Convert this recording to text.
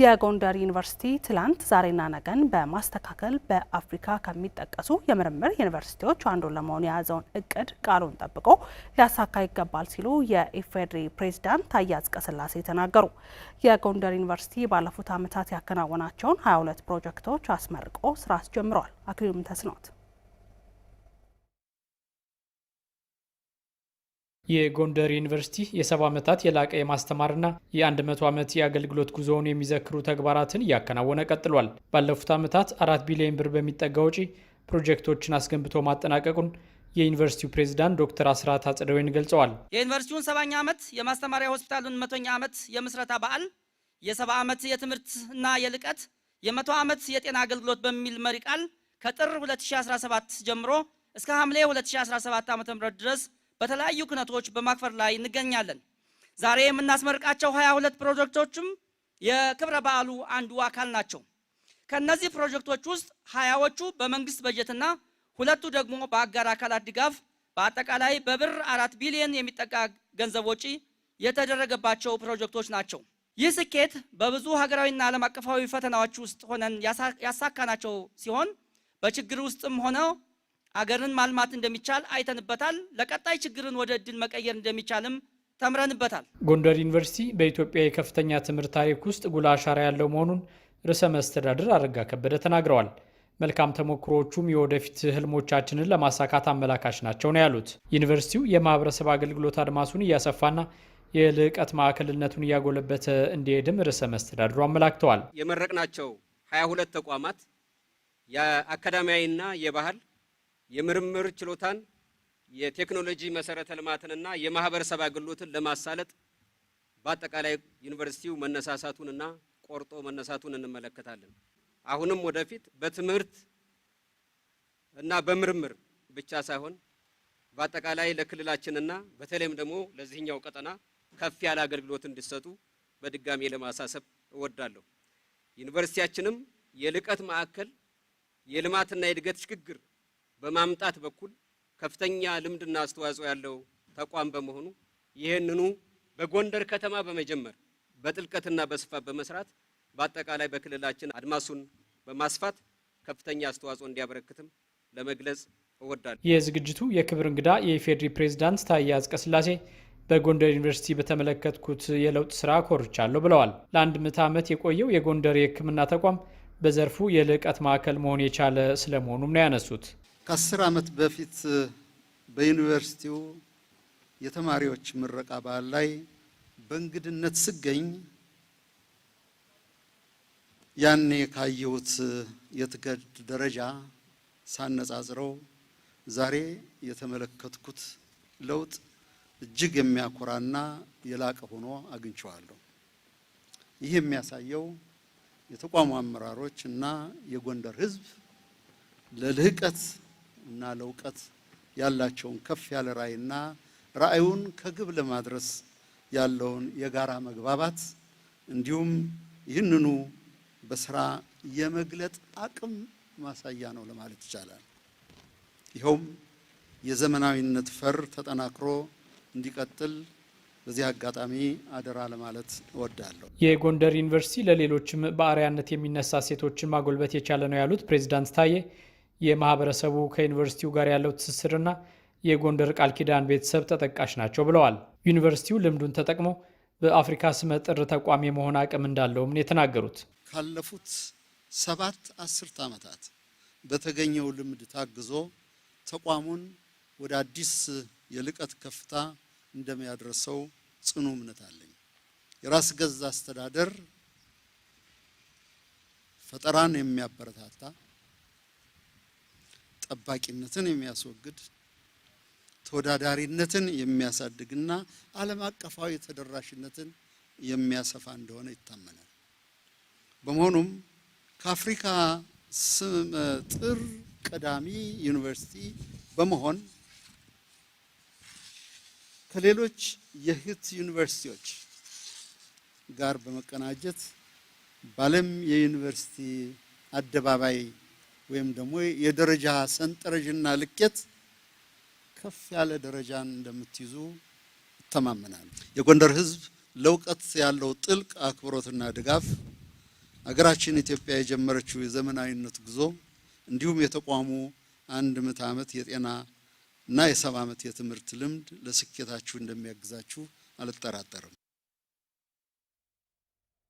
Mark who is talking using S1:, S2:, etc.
S1: የጎንደር ዩኒቨርሲቲ ትላንት ዛሬና ነገን በማስተካከል በአፍሪካ ከሚጠቀሱ የምርምር ዩኒቨርሲቲዎች አንዱ ለመሆን የያዘውን እቅድ ቃሉን ጠብቆ ሊያሳካ ይገባል ሲሉ የኢፌዴሪ ፕሬዝዳንት ታዬ አጽቀሥላሴ ተናገሩ። የጎንደር ዩኒቨርሲቲ ባለፉት ዓመታት ያከናወናቸውን 22 ፕሮጀክቶች አስመርቆ ስራ አስጀምረዋል። አክሊሉም ተስኖት
S2: የጎንደር ዩኒቨርሲቲ የሰባ ዓመታት የላቀ የማስተማርና የአንድ መቶ ዓመት የአገልግሎት ጉዞውን የሚዘክሩ ተግባራትን እያከናወነ ቀጥሏል። ባለፉት ዓመታት አራት ቢሊዮን ብር በሚጠጋ ወጪ ፕሮጀክቶችን አስገንብቶ ማጠናቀቁን የዩኒቨርሲቲው ፕሬዝዳንት ዶክተር አስራት አጽደወይን ገልጸዋል።
S3: የዩኒቨርሲቲውን ሰባኛ ዓመት የማስተማሪያ ሆስፒታሉን መቶኛ ዓመት የምስረታ በዓል የሰባ ዓመት የትምህርትና የልቀት የመቶ ዓመት የጤና አገልግሎት በሚል መሪ ቃል ከጥር 2017 ጀምሮ እስከ ሐምሌ 2017 ዓ ም ድረስ በተለያዩ ክነቶች በማክፈር ላይ እንገኛለን። ዛሬ የምናስመርቃቸው ሀያ ሁለት ፕሮጀክቶችም የክብረ በዓሉ አንዱ አካል ናቸው። ከእነዚህ ፕሮጀክቶች ውስጥ ሀያዎቹ በመንግስት በጀትና ሁለቱ ደግሞ በአጋር አካላት ድጋፍ በአጠቃላይ በብር አራት ቢሊዮን የሚጠጋ ገንዘብ ወጪ የተደረገባቸው ፕሮጀክቶች ናቸው። ይህ ስኬት በብዙ ሀገራዊና ዓለም አቀፋዊ ፈተናዎች ውስጥ ሆነን ያሳካናቸው ሲሆን በችግር ውስጥም ሆነው አገርን ማልማት እንደሚቻል አይተንበታል። ለቀጣይ ችግርን ወደ እድል መቀየር እንደሚቻልም ተምረንበታል።
S2: ጎንደር ዩኒቨርሲቲ በኢትዮጵያ የከፍተኛ ትምህርት ታሪክ ውስጥ ጉልህ አሻራ ያለው መሆኑን ርዕሰ መስተዳድር አረጋ ከበደ ተናግረዋል። መልካም ተሞክሮዎቹም የወደፊት ህልሞቻችንን ለማሳካት አመላካች ናቸው ነው ያሉት። ዩኒቨርሲቲው የማህበረሰብ አገልግሎት አድማሱን እያሰፋና የልዕቀት ማዕከልነቱን እያጎለበተ እንዲሄድም ርዕሰ መስተዳድሩ አመላክተዋል።
S4: የመረቅናቸው 22 ተቋማት የአካዳሚያዊና የባህል የምርምር ችሎታን የቴክኖሎጂ መሰረተ ልማትንና የማህበረሰብ አገልግሎትን ለማሳለጥ በአጠቃላይ ዩኒቨርሲቲው መነሳሳቱንና ቆርጦ መነሳቱን እንመለከታለን። አሁንም ወደፊት በትምህርት እና በምርምር ብቻ ሳይሆን በአጠቃላይ ለክልላችንና በተለይም ደግሞ ለዚህኛው ቀጠና ከፍ ያለ አገልግሎት እንዲሰጡ በድጋሜ ለማሳሰብ እወዳለሁ። ዩኒቨርሲቲያችንም የልቀት ማዕከል የልማትና የእድገት ሽግግር በማምጣት በኩል ከፍተኛ ልምድና አስተዋጽኦ ያለው ተቋም በመሆኑ ይህንኑ በጎንደር ከተማ በመጀመር በጥልቀትና በስፋት በመስራት በአጠቃላይ በክልላችን አድማሱን በማስፋት ከፍተኛ አስተዋጽኦ እንዲያበረክትም ለመግለጽ እወዳለሁ።
S2: የዝግጅቱ የክብር እንግዳ የኢፌዴሪ ፕሬዝዳንት ታዬ አጽቀሥላሴ በጎንደር ዩኒቨርሲቲ በተመለከትኩት የለውጥ ስራ ኮርቻለሁ ብለዋል። ለአንድ ምዕተ ዓመት የቆየው የጎንደር የሕክምና ተቋም በዘርፉ የልዕቀት ማዕከል መሆን የቻለ ስለመሆኑም ነው ያነሱት።
S5: ከአስር ዓመት በፊት በዩኒቨርሲቲው የተማሪዎች ምረቃ በዓል ላይ በእንግድነት ስገኝ ያኔ ካየሁት የትገድ ደረጃ ሳነጻጽረው ዛሬ የተመለከትኩት ለውጥ እጅግ የሚያኮራና የላቀ ሆኖ አግኝቸዋለሁ። ይህ የሚያሳየው የተቋሙ አመራሮች እና የጎንደር ሕዝብ ለልህቀት እና ለእውቀት ያላቸውን ከፍ ያለ ራዕይና ራዕዩን ከግብ ለማድረስ ያለውን የጋራ መግባባት እንዲሁም ይህንኑ በስራ የመግለጥ አቅም ማሳያ ነው ለማለት ይቻላል። ይኸውም የዘመናዊነት ፈር ተጠናክሮ እንዲቀጥል በዚህ አጋጣሚ አደራ ለማለት እወዳለሁ።
S2: የጎንደር ዩኒቨርሲቲ ለሌሎችም በአርያነት የሚነሳ ሴቶችን ማጎልበት የቻለ ነው ያሉት ፕሬዚዳንት ታዬ የማህበረሰቡ ከዩኒቨርሲቲው ጋር ያለው ትስስርና የጎንደር ቃል ኪዳን ቤተሰብ ተጠቃሽ ናቸው ብለዋል። ዩኒቨርሲቲው ልምዱን ተጠቅሞ በአፍሪካ ስመጥር ተቋም የመሆን አቅም እንዳለውም ነው የተናገሩት።
S5: ካለፉት ሰባት አስርት ዓመታት በተገኘው ልምድ ታግዞ ተቋሙን ወደ አዲስ የልቀት ከፍታ እንደሚያደርሰው ጽኑ እምነት አለኝ። የራስ ገዝ አስተዳደር ፈጠራን የሚያበረታታ ጠባቂነትን የሚያስወግድ ተወዳዳሪነትን የሚያሳድግና ዓለም አቀፋዊ ተደራሽነትን የሚያሰፋ እንደሆነ ይታመናል። በመሆኑም ከአፍሪካ ስመጥር ቀዳሚ ዩኒቨርሲቲ በመሆን ከሌሎች የእህት ዩኒቨርሲቲዎች ጋር በመቀናጀት በዓለም የዩኒቨርሲቲ አደባባይ ወይም ደግሞ የደረጃ ሰንጠረዥና ልኬት ከፍ ያለ ደረጃን እንደምትይዙ ይተማመናል። የጎንደር ህዝብ ለእውቀት ያለው ጥልቅ አክብሮትና ድጋፍ አገራችን ኢትዮጵያ የጀመረችው የዘመናዊነት ጉዞ እንዲሁም የተቋሙ አንድ ምዕተ ዓመት የጤና እና የሰባ ዓመት የትምህርት ልምድ ለስኬታችሁ እንደሚያግዛችሁ አልጠራጠርም።